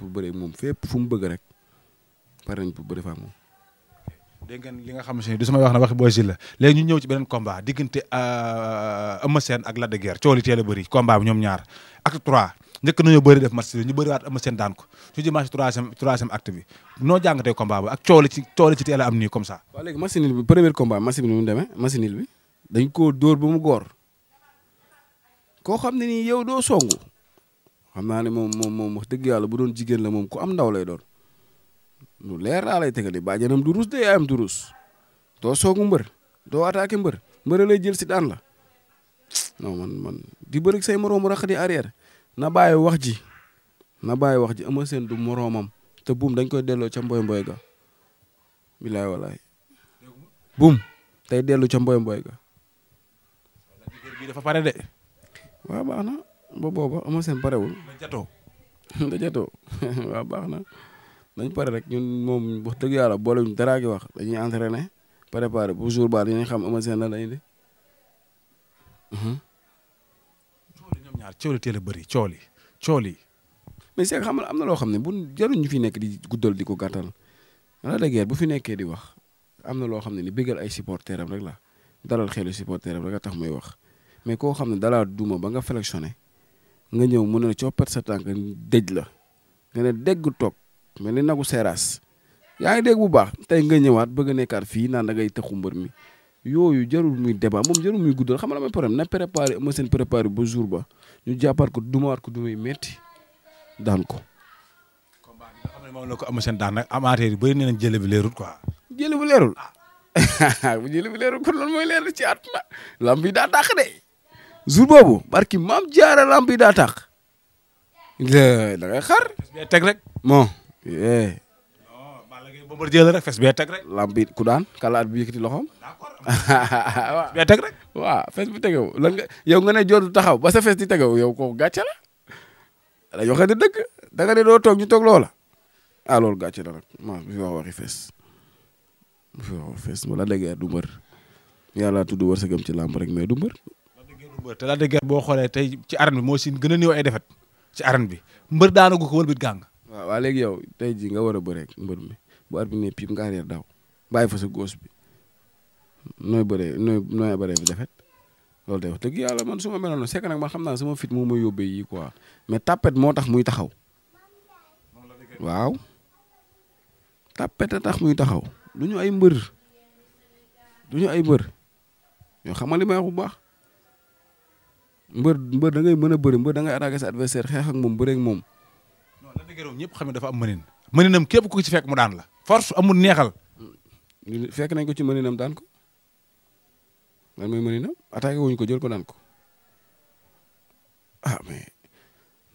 pour bëre moom fépp fu mu bëgg rek pare nañ pour bëre fa moom. dégg li nga xam si du samay wax na waxi Boy Jules la léegi ñu ñëw ci beneen combat diggante euh, Eumeu Sène ak la de Guiers coow teel bëri combat bi ñoom ñaar acte trois njëkk nañoo ñu bëri waat Eumeu Sène daan ko su jëmaa si troisième troisième acte bi noo jàngatee combat bi ak coow li ci coow li ci teel a am nii comme ça. waaw léegi machinil bi premier combat machinil bi mu demee machinil bi dañ koo door ba mu goor koo xam ne nii yow doo songu xam naa ne moom moom moom wax dëgg yàlla bu doon jigéen la moom ko am ndaw lay doon lu leer laa lay tegal bàjjanam du rus de yaayam du rus doo soogu mbër doo attaqué mbër mbër lay jël si daan la non man man di bëri say moroomu rax di arrière na bàyyi wax ji na bàyyi wax ji ama seen du moroomam te buum dañ koy delloo ca mboy mboy ga bilaay walaay buum tey dellu ca mboy mboy ga. dafa pare de. waaw baax ba booba Eumeu Sène parewul. da jatoo da baax na dañ pare rek ñun moom wax dëgg yàlla boole ñu dara gi wax dañuy entraîné préparé bu jour baa ba dañuy xam Eumeu Sène la lay indi. Mhm. ñoom ñaar coow li teel a bëri coow li coow li mais Cheikh xam nga am na loo xam ne bu jarul ñu fi nekk di guddal di ko gàttal la de bu fi nekkee di wax am na loo xam ne ni bégal ay supporteram rek la dalal xelu supporteram rek a tax muy wax mais koo xam ne dalaa duma ba nga flexionné nga ñëw mu ne coppet sa tànk dëj la nga ne dégg toog mel ni nagu seeraas yaa ngi dégg bu baax tey nga ñëwaat bëgg a nekkaat fii naan da ngay taxu mbër mi yooyu jarul muy débat moom jarul muy guddal xam nga la may problème na préparé ma seen préparé ba jour ba ñu jàppaat ko dumawaat ko dumay metti daan ko. combat bi nga xam ne la ko am seen daan nag yi bëri nañ bi leerul quoi. Ah. jële bu leerul bu jële bi loolu mooy leer ci at lamb yi daa dàq de. jour boobu barki maam jaara lamp yi daa tàq. da ngay xaar. fes bee teg rek. bon. non Balla Gaye Bombardier la rek fes bee teg rek. lamp yi ku daan kalaat bi yëkkati loxoom. d'accord fes bee teg rek. waaw fes bi tegew lan nga yow nga ne joodu taxaw ba sa fes di tegew yow kooku gàcce la. dañoo xam ne dëgg da nga ne doo toog ñu toog loola. ah loolu gàcce la nag maa ngi fi wax waxi fees bu fi wax waxi fees wala dëgg du mbër yàlla tudd wërsëgam ci làmb rek mais du mbër mbër te Lac de Guiers boo xoolee tey ci arène bi moo si gën a néew defet ci arène bi mbër daanagu ko wër bit gàng waaw waa léegi yow tey jii nga war a bëreek mbër mi bu arbi ne piip nga arrière daw bàyyi fa bi nooy bëree nooy nooy bëree bi defet loolu day wax dëgg yàlla man su ma meloon c'est que nag man xam naa sama fit moo ma yóbbee ko quoi mais tapet moo tax muy taxaw waaw tapet a tax muy taxaw du ñu ay mbër du ñu ay mbër yoo xamal may wax mbër mbër da mën a bëri mbër da ngay attaqué sa adversaire xeex ak moom bëreeg moom. non la ñëpp xam ne dafa am mënin. mëninam képp ku ci fekk mu daan la. force amul neexal. fekk nañ ko ci mëninam daan ko lan mooy mëninam attaqué wuñ ko jël ko daan ko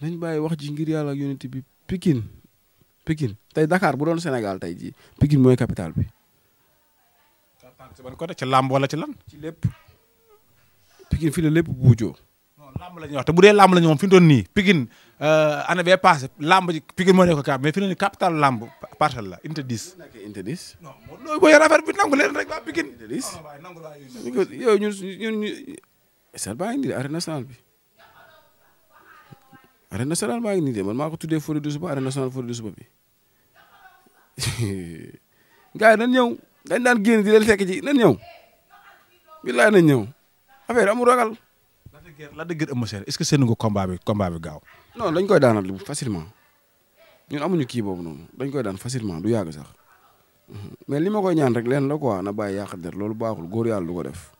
dañ ah, mais wax ji ngir yàlla ak unité bi pikin tey dakaar bu doon Sénégal tey jii Pikine mooy capital bi. ci ban làmb walla ci lan. ci lépp Pikine fii la lépp buujoo. làmb la ñuy wax te bu dee làmb la ñu moom fi mu toll nii Pikine euh, année bee passé làmb ji Pikine moo nekk kaab mais fi mu ne nii capital làmb parcelle la unité 10. unité 10. non loolu booy yor affaire bi nangu leen rek waa Pikine. unité 10 yow ñun ñun ñu. stade baa ngi nii de arène nationale bi arène nationale baa ngi nii de man maa ko tuddee Fodé du Suba arène nationale Fodé du Suba bi gars yi nan ñëw dañ daan génn di leen fekk ji nan ñëw. billaay nañ ñëw affaire amul ragal. la Lac de Guiers Eumeu Sène est-ce que seenu nga combat bi bi gaaw. non dañ koy daanal facilement ñun amuñu kii boobu noonu dañ koy daan facilement du yàgg sax mhm. mais li ma koy ñaan rek leen la ko quoi na bàyyi yàq der loolu baaxul góor yàlla du ko def.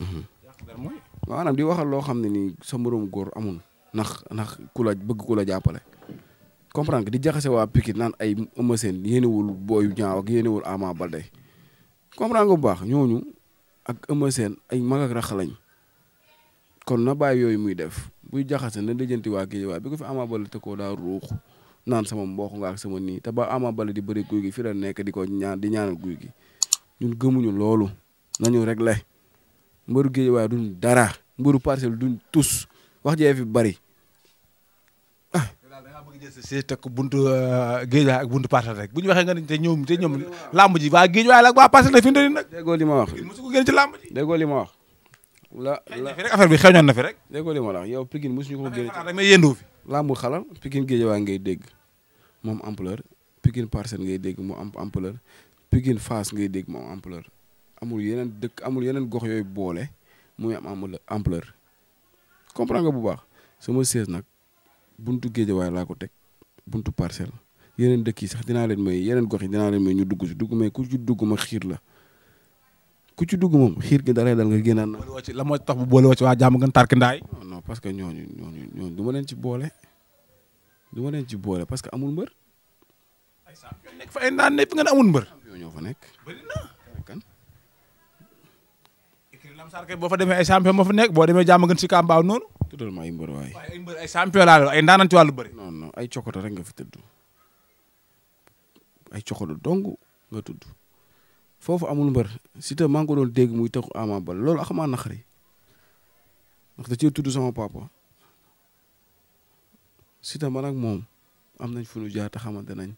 Mhm. yàq der mooy. maanaam di waxal loo xam ne nii sa moroom góor amul ndax ndax ku la bëgg ku la jàppale. comprendre que di jaxase waa Pikine naan ay Eumeu Sène yéenewul booyu ñaaw ak yéenewul Ama Baldé comprendre nga bu baax ñooñu ak Eumeu Sène ay mag ak lañ kon na bàyyi yooyu muy def buy jaxasa na lijjanti waa géej waaye bi ko fi Ama Baldé te koo daa ruux naan sama mbokk nga ak sama nii te ba amaa bala di bari guy gi fi la nekk di ko ñaan di ñaanal guy gi ñun gëmuñu loolu na nañu réglé mbëru géej waaye duñ dara mbëru parcelle duñ tus wax jee fi bari ah. si euh, bu ñu waxee nga ni te te ñoom làmb ji waa géej waaye la ak waa parcelle la fi mu nag. déggoo li ma wax déggoo li ma wax. la la affaire bi xeeñoon na fi rek. déggoo li ma la wax yow Pikine mosuñu ko génne. da ngay yëndu fi. làmbu xalal Pikine Guédiawaye ngay dégg mu am ampleur Pikine Parcelles ngay dégg mu am ampleur Pikine Fass ngay dégg mu am amul yeneen dëkk amul yeneen gox yooyu boole muy am ampleur comprendre nga bu baax sama sees nag buntu Guédiawaye laa ko teg buntu Parcelles yeneen dëkk yi sax dinaa leen may yeneen gox yi dinaa leen may ñu dugg si dugg may ku ci dugg ma xiir la. ku ci dugg moom xiir gi dara dal nga génnaat na. boolewoo ci tax bu boolewoo ci waa nga gën tàrk ndaay. non parce que ñooñu ñooñu ñooñu du ma boole du ma leen ci boole parce que amul mbër. ay saa yoo nekk fa ay naan nga amul mbër. yoo ñoo fa nekk. bëri demee ay moo fa nekk boo demee jàmm gën si kàmbaaw noonu. tuddal ma ay mbër waay. waaye ci wàllu bëri. non non ay cokoto rek nga fi tudd ay cokoto dong nga tudd. foofu amul mbër Siteu maa ko doon dégg muy taxu Ama Baldé loolu axamaa naqari ndax da cee tudd sama papa Siteu man moom am nañ fu ñu jaar te xamante nañ.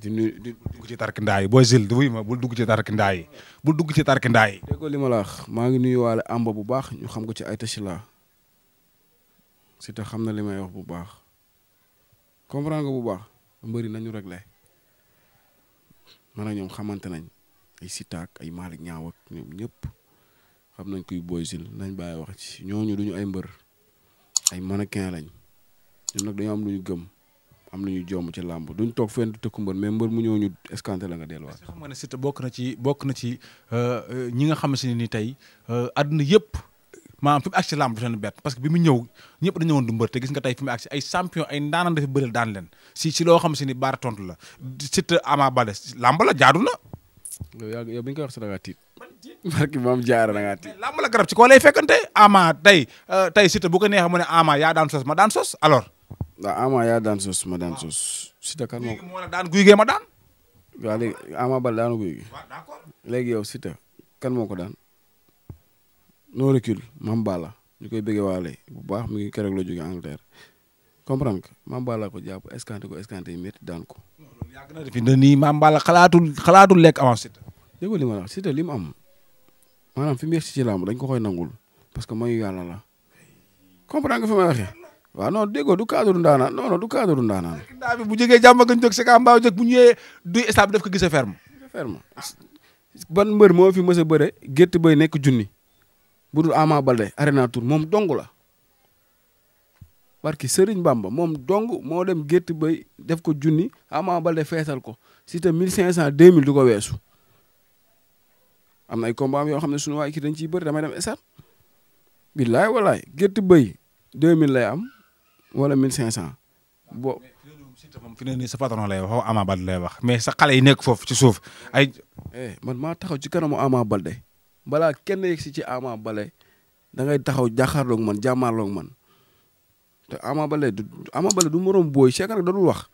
di nuyu di dugg ci tarkindaa yi booy Gilles wuy dugg ci tarkindaa yi bul dugg ci tarkindaa yi. déggoo li maa ngi nuyuwaale Amba bu baax ñu xam ko ci ay tachila Siteu xam na li may wax bu baax comprendre nga bu baax mbëri nañu réglé. man ak ñoom xamante nañ ay Sitaak ay Malick Ñaaw ak ñoom ñëpp xam nañ kuy Boy Jules nañ bàyyi wax ci ñooñu duñu ay mbër ay mannequin lañ ñun nag dañoo am lu ñu gëm am lu ñu jomm ci làmb duñ toog fenn di tëkku mbër mais mbër mu ñëw ñu escanté la nga delluwaat. xam nga bokk na ci bokk na ci euh, euh, ñi nga xam ne ni tey euh, àdduna yëpp. maanaam fi mu agsi lamb dafa parce que bi mu ñëw ñëpp dañu woon du mbër nga tey fi mu ay champion ay ndaanaan dafa bëreel daan leen si si loo xam si ni baara tontu la Siteu Ama Baldé lamb la jaadu na. yow lamb la garab ci koo lay fekkante Ama tey euh, tey Siteu bu yaa daan ma daan sos alors. waaw Ama yaa daan sos ma daan sos. Siteu kan moo yow Siteu kan moo ko daan. no recul Mame Balla ñu koy bëggee waale bu baax mu ngi keroog la jóge Angleterre comprendre que Mame Balla ko jàpp escanté ko escanté yi métti daan ko. yàgg na fi xalaatul xalaatul lekk avance Siteu. dégg li ma la li mu am maanaam fi mu yegsi ci làmb dañ ko koy nangul parce que mayu yàlla la comprendre nga fi may waxee. waaw non déggoo du cadre ndaanaan non non du cadre ndaanaan. daa bi bu jógee jàmm ak njëkk si kàmbaaw njëkk bu ñëwee duy stade def ko gis a ferme. ferme ban mbër moo fi mës a bëre gétt bay nekk junni. bu dul Ama Baldé Arena Tour moom dong la barki Serigne Bamba moom dong moo dem gétt bay def ko junni Ama Baldé feesal ko si te 1500 2000 du ko weesu am na ay combat yoo xam ne sunu waa kii dañ ciy bëri damay dem esat billaay walaay gétt bay 2000 lay am wala 1500. bo Siteu moom fi ne nii sa patron lay wax Ama Baldé lay wax mais sa xale yi nekk foofu ci suuf ay. Eh, man maa taxaw ci kanamu Ama Baldé. balaa kenn yegg si ci Ama bale da ngay taxaw jàkkaarloog man jàmmaarloog man te Ama Baldé du Ama du moroom booy Cheikh nag dadul wax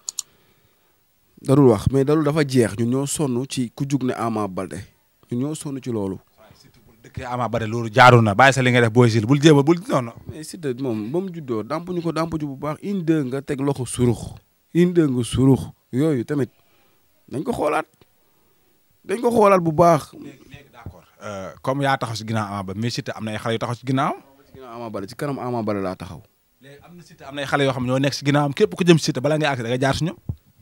dadul wax mais dadul dafa jeex ñun ñoo sonn ci ku jug ne Ama bale ñun ñoo sonn ci loolu. dëkk Ama Baldé loolu jaaru na bàyyi sa li nga def booy sil bul jéem a bul noonu. mais Siteu moom ba mu juddoo dàmpuñu ko dàmpuñu bu baax une nga teg loxo surux une deux nga surux yooyu tamit dañ ko xoolaat dañ ko xoolaat bu baax. Euh, comme yaa taxaw si ginnaaw Ama Baldé mais Siteu am na ay xale yu taxaw si ginnaaw. si ginnaaw Ama Baldé si kanam Ama Baldé laa taxaw. léegi am na Siteu am na ay xale yoo xam ñoo nekk si ginnaawam képp ku jëm si Siteu bala ngay àgg da nga jaar si ñoom.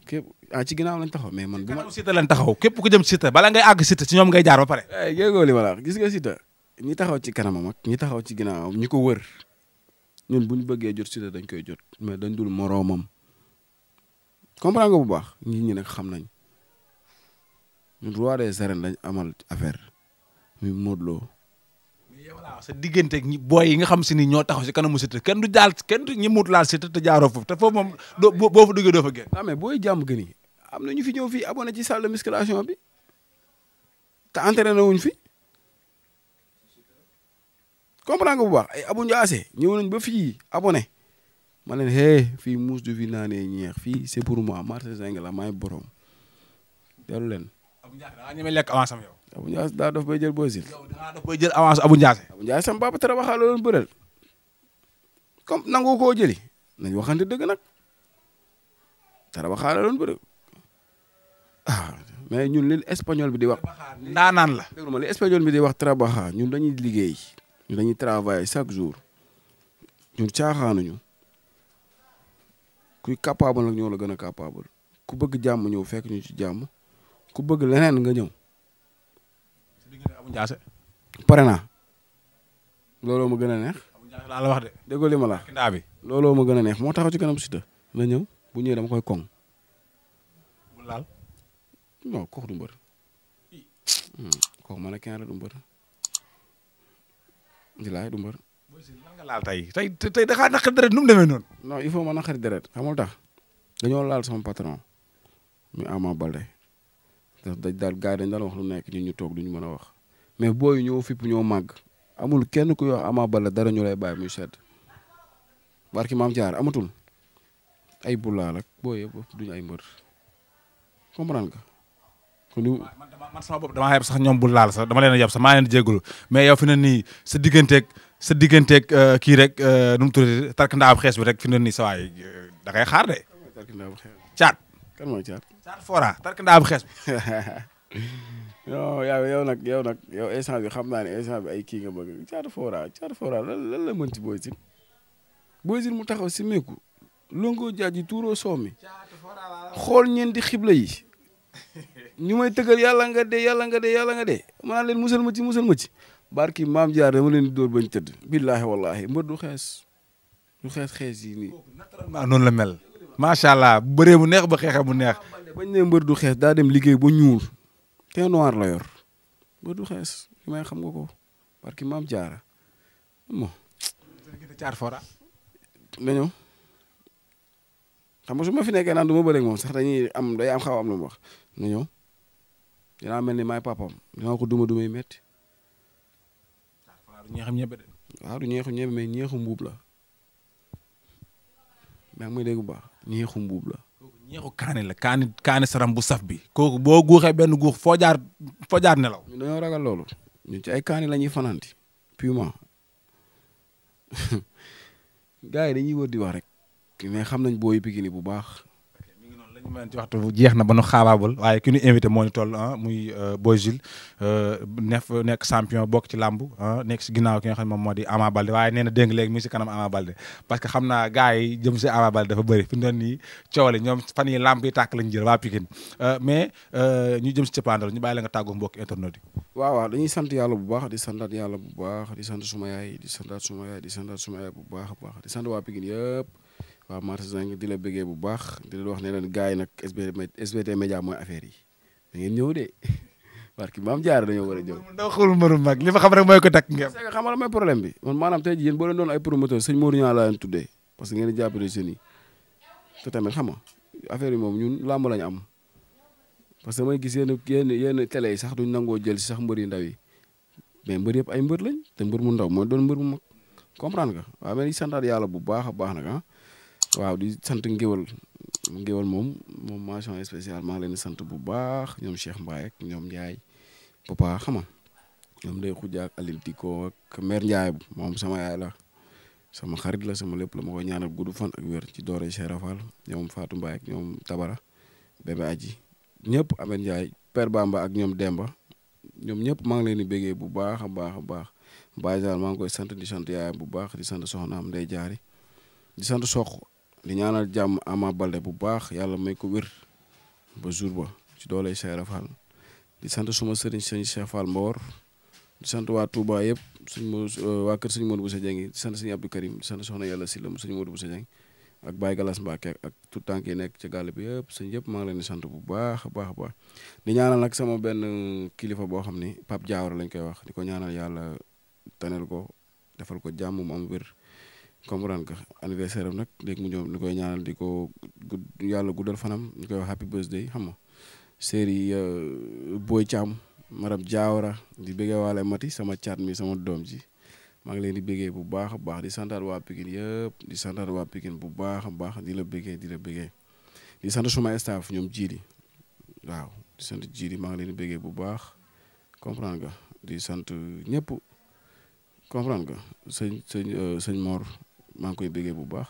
képp ah ci ginnaaw lañ taxaw mais man. bu ma Siteu lañ taxaw képp ku jëm si Siteu bala ngay àgg Siteu si ñoom ngay jaar ba pare. Eh, yéegoo li ma la gis nga Siteu ñi taxaw ci kanamam ak ñi taxaw ci ginnaawam ñi ko wër ñun bu ñu bëggee jot Siteu dañ koy jot mais dañ dul moroomam comprendre nga bu baax nit ñi nag xam nañ ñun roi des arènes lañ amal affaire muy Modou Lo. voilà sa diggante ak ñi booy yi nga xam si ni ñoo taxaw si kanamu Siteu kenn du daal kenn du ñi muut laal Siteu te jaaroo foofu te foofu moom doo boo fa duggee doo fa génn. ah mais booy jàmm gën yi am na ñu fi ñëw fii abonné ci salle de musculation bi te entraîné wuñ fi comprendre nga bu baax ay abu njaase ñëw nañ ba fii abonné ma leen hey fii muus du fi naanee ñeex fii c'est pour moi marché Zeng la maay borom dellu leen. Abou Ndiassé da nga ñeme lekk avance am daa dof bay jël Boy Sine. yow da nga dof bay jël avance Abou Ndiassé. Abou Ndiassé sama papa trabaxa la doon bëreel nangu koo jëli nañ waxante dëgg nag trabaxa la doon ah mais ñun li espagnol bi di wax. ndaanaan la. déglu ma li espagnol bi di wax trabaxa ñun dañuy liggéey ñun dañuy travailler chaque jour ñun caaxaanuñu kuy capable nag ñoo la gën a capable ku bëgg jàmm ñëw fekk ñu ci jàmm. ku bëgg leneen nga ñëw. pare naa looloo ma gën a neex. laa la wax de déggoo li ma la. ndaa bi looloo ma gën a neex moo taxaw ci kanam Siteu na ñëw bu ñëwee dama koy koŋ. bu laal. non kooku du mbër. Hmm, kooku ma ne kenn du mbër. di laay du mbër. lan nga laal tey tey tey da ngaa naqari deret nu mu demee noonu. non il faut ma naqari deret xamul tax dañoo laal sama patron. muy Ama Balde. dañ daal gars dañ daan wax lu nekk ñun ñu toog duñu mën a wax mais booy ñoo fipp ñoo màgg amul kenn ku yoo Ama Baldé dara ñu lay bàyyi muy sedd barki amatul ay bulaa rek booy yëpp duñu ay mbër comprendre nga. kon du sax ñoom bu laal sax dama leen a yab sax ma leen di jégalu mais yow fi ne nii sa digganteeg sa digganteeg euh, kii rek euh, nu mu tuddati tarkindaa bu xees bi rek fi ne nii sa waay euh, da ngay xaar de. tarkindaa bu mooy caat. Saar Fora tark ndaa bu xees bi. non yow yow nag yow nag yow instant bi xam naa ne instant bi ay kii nga bëgg Saar Fora Saar Fora lan lan la mën ci Boy Sine Boy Sine mu taxaw si meeku longoo jaaji tuuroo soomi xool ñeen di xibla yi ñu may yàlla nga dee yàlla nga dee yàlla nga dee maanaam leen musal ma ci musal ma ci barki maam jaar dama leen di dóor bañ tëdd billaahi wallaahi mbër du xees du xees xees noonu la mel macha allah bu bëree mu neex ba xeexee mu neex. bañ ne mbër du xees daa dem liggéey bu ñuul te noir la yor mbër du xees li may xam nga ko parce que maam jaara bon. caar fora nga ñëw xam nga su ma fi nekkee naan du ma bëreeg moom sax dañuy am day am xaw am lu mu wax dinaa mel ni maay papam dinaa ko duma dumay metti du ñeexam ñebe de. waaw la maa ngi may dégg bu baax mbuub la. kooku ñeexu kaani la kaani kaani saram bu saf bi. kooku boo guuxee benn guux foo jaar foo nelaw. ñu dañoo ragal loolu. ñu ci ay kaani la ñuy fanaanti purement gars yi dañuy wër di wax rek. mais xam nañ booy Pikine bu baax mu ci waxtu jeex na ba nu xaabaabul waaye ki ñu invité moo ñu ah, muy euh, Boy Jules euh, nekk champion bokk ci làmb ah, nekk si ki nga xam ne moom di Ama Balde waaye nee na dégg léegi mi si kanam Ama Balde parce que xam naa gars yi jëm si Ama Balde dafa bëri fi mu nii coow la ñoom fan yi làmb yi tàkk lañ jël waa Pikine euh, mais la nga tàggoo mbokk internet yi waaw waaw dañuy sant yàlla bu baax di santaat yàlla bu di sant suma yaay di santaat suma yaay di santaat suma yaay bu baax baax di sant waa waaw marchandise di la bëggee bu baax di wax ne leen gars yi nag SBT SBT Média mooy affaire yi da ngeen parce que jaar dañoo war a ñëw. ndaw xul mbëru mag li ma xam rek mooy ko takk ngeen. c'est que bi man maanaam tey jii yéen boo leen doon ay promoteur sëñ Modou Niang laa leen tuddee parce que tamit xam nga affaire yi moom ñun làmb lañu am parce que may gis yenn yenn yenn télé yi sax duñ nangoo jël si sax mbër yu ndaw yi mais mbër yëpp ay mbër lañ te mbër mu ndaw mooy doon mbër mu mag comprendre nga waaw mais di santaat yàlla bu baax a baax nag ah waaw di sant ngéwal ngéwal moom moom mention spéciale maa ngi leen di sant bu baax ñoom Cheikh Mbaye ñoom Ndiaye papa xama ñoom day xuja ak Alim ak mère Ndiaye moom sama yaay la sama xarit la sama lépp la ma koy ñaanal gudd fan ak wér ci doore Cheikh Rafal ñoom Fatou Mbaye ak ñoom Tabara bébé aji ñëpp Ameth Ndiaye Père Bamba ak ñoom Demba ñoom ñëpp maa ngi leen di béggee bu baax a baax a baax Baye Zane maa ngi koy sant di sant yaayam bu baax di sant soxnaam day Jaari di sant sox li ñaanal jàmm Ama Baldé bu baax yàlla may ko wér ba jour ba ci dooley Cheikh Fall di sant suma sëriñ sëñ Cheikh Fall Mbawar di sant waa Touba yëpp suñ mo euh, waa kër suñ Modou Boussa Dieng di sant suñu Abdou Karim di yàlla si la suñu Modou Boussa Dieng ak Baye Galas Mbacke ak tout tànk yi nekk ci gàll bi yëpp sëñ yëpp maa ngi leen di sant bu baax a baax a baax di ñaanal nag sama benn kilifa boo xam ni Pape Diawara lañ koy wax di ko ñaanal yàlla tanel ko defal ko jàmm mu am wér comprendre nga anniversaire am nag léegi mu ñëw ñu koy ñaanal di ko gudd yàlla guddal fanam ñu koy wax happy birthday xam nga séeri euh, Boy Thiam Maram Diawara di bëggee waale Mati sama caat mii sama doom ji maa ngi leen di bëggee bu baax a baax di santaat waa Pikine yëpp di santaat waa Pikine bu baax a di la bëggee di la bëggee di sant suma staff ñoom jiidi waaw sant jiidi maa ngi leen di bëggee bu baax comprendre nga di sant ñëpp comprendre nga sëñ sëñ euh, sëñ Mor maa ngi koy bëggee bu baax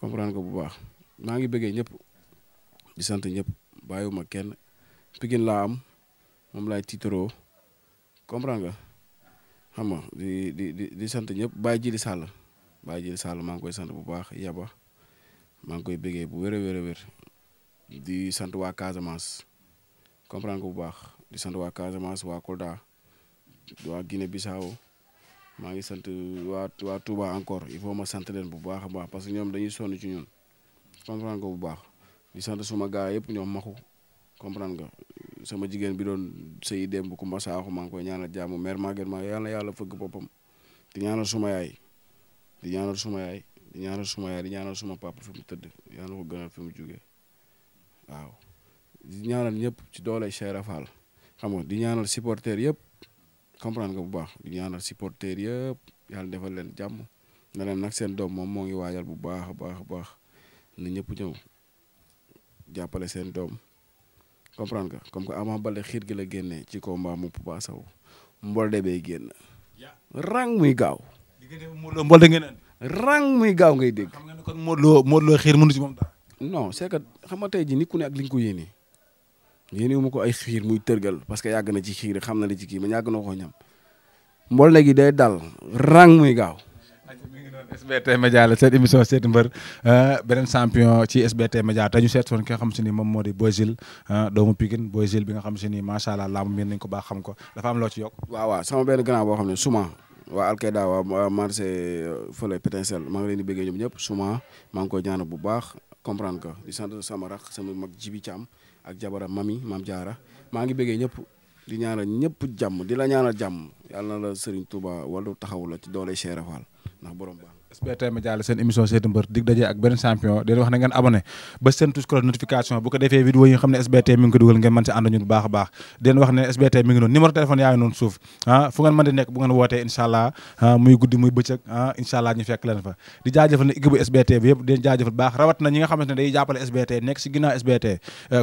comprendre ko bu baax maa ngi bëggee ñëpp di sant ñëpp bàyyiwuma kenn Pikine laa am moom laay tiitaroo comprendre nga xam nga di di di di sant ñëpp bàyyi ji di sàll bàyyi ji di sàll maa ngi koy sant bu baax yaba maa ngi koy bëggee bu wér a wér a di sant waa Casamance comprendre ko bu baax di sant waa Casamance waa Kolda waa Guinée Bissau maa ngi sant waa waa Touba encore il faut ma sant leen bu baax a baax parce que ñoom dañuy sonn ci ñun comprendre nga bu baax di sant suma gaa yëpp ñoom maxu comprendre nga sama jigéen bi doon sëyi démb ku ma saaxu maa ngi koy ñaanal jàmm mère Maguette maa yàlla na yàlla fëgg boppam di ñaanal suma yaay di ñaanal suma yaay di ñaanal di ñaanal suma papa fi mu tëdd yàlla na ko gënal fi mu jugee waaw di ñaanal ñëpp ci doole Cheikh Rafal xam nga di ñaanal supporter yëpp. comprendre nga bu baax di ñaanal supporter yëpp yàlla defal leen jàmm ne leen seen doom moom moo ngi waajal bu baax a baax a baax na ñëpp ñëw jàppale seen doom comprendre nga comme que Ama Baldé xiir gi la génnee ci combat mu Papa Sow mbolde bay génn rang muy gaaw. mbolde ngeen rang muy gaaw ngay dégg. xam nga ne kon Modou Lo Modou Lo xiir mënu ci moom dara. no c'est que xam nga tey jii nit ku ne ak li ñu ko yéenee. yéenewu ma ko ay xiir muy tërgal parce que yàgg na ci xiir xam na la ci kii ma yàgg na ko ñam mboole gi day daal rang muy gaaw. SBT Média la seen émission seeti mbër euh, beneen champion ci SBT Média te ñu seet woon ki nga xam si ni moom moo di Boy Jules euh, doomu Pikine Boy Jules bi nga xam si ni macha allah laamu miin nañ ko baax xam ko dafa am loo ci yokk. waaw waaw sama benn grand boo xam ne suma waa Alkeda waa marché euh, fële Pétincelle maa ngi leen di bëggee ñoom ñëpp suma maa ngi koy ñaan bu baax comprendre que di sant sama rax sama mag jibi Thiam ak jabaram mami maam jaara maa ngi bëggee ñëpp di ñaanal ñëpp jàmm di la ñaanal jàmm yàlla na la Serigne Touba wala taxaw la ci doole Cheikh Fall ndax borom baax SBT muy guddi muy bëccëg ah incha allah ñu fa di jaajëfal na ñi SBT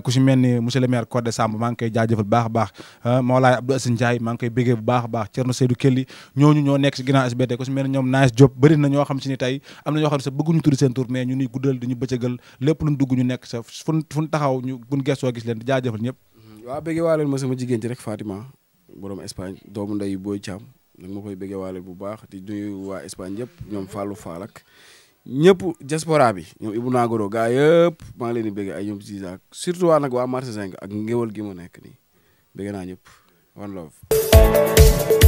ku si mel ni monsieur le maire maa ngi koy jaajëfal baax a baax Mawlaay Abdou Assane Ndiaye maa ngi koy bégee bu baax baax Thierno Seydou ñooñu ñoo nekk si ginnaaw SBT ku si mel ñoom Nice Diop bëri na xam si ni tey am na ñoo xam ne sax bëgguñu tudd seen tur mais ñu ni guddal di ñu bëccëgal lépp luñ dugg ñu nekk sa fun fun taxaw ñu buñ gestoo gis leen di jaajëfal ñëpp mm-hmm. waaw bëggee waaleel ma sama jigéen ci rek Fatima borom Espagne doomu nday booy caam nag ma koy bëggee waaleel bu baax di nuyu waa Espagne yëpp ñoom Fallou Fall ak ñëpp diaspora bi ñoom Ibou Nagoro gaa yëpp maa ngi leen di bëggee ay ñoom Ziza surtout waa nag waa marché ak ngéwal gi mu nekk nii bëggee naa ñëpp one love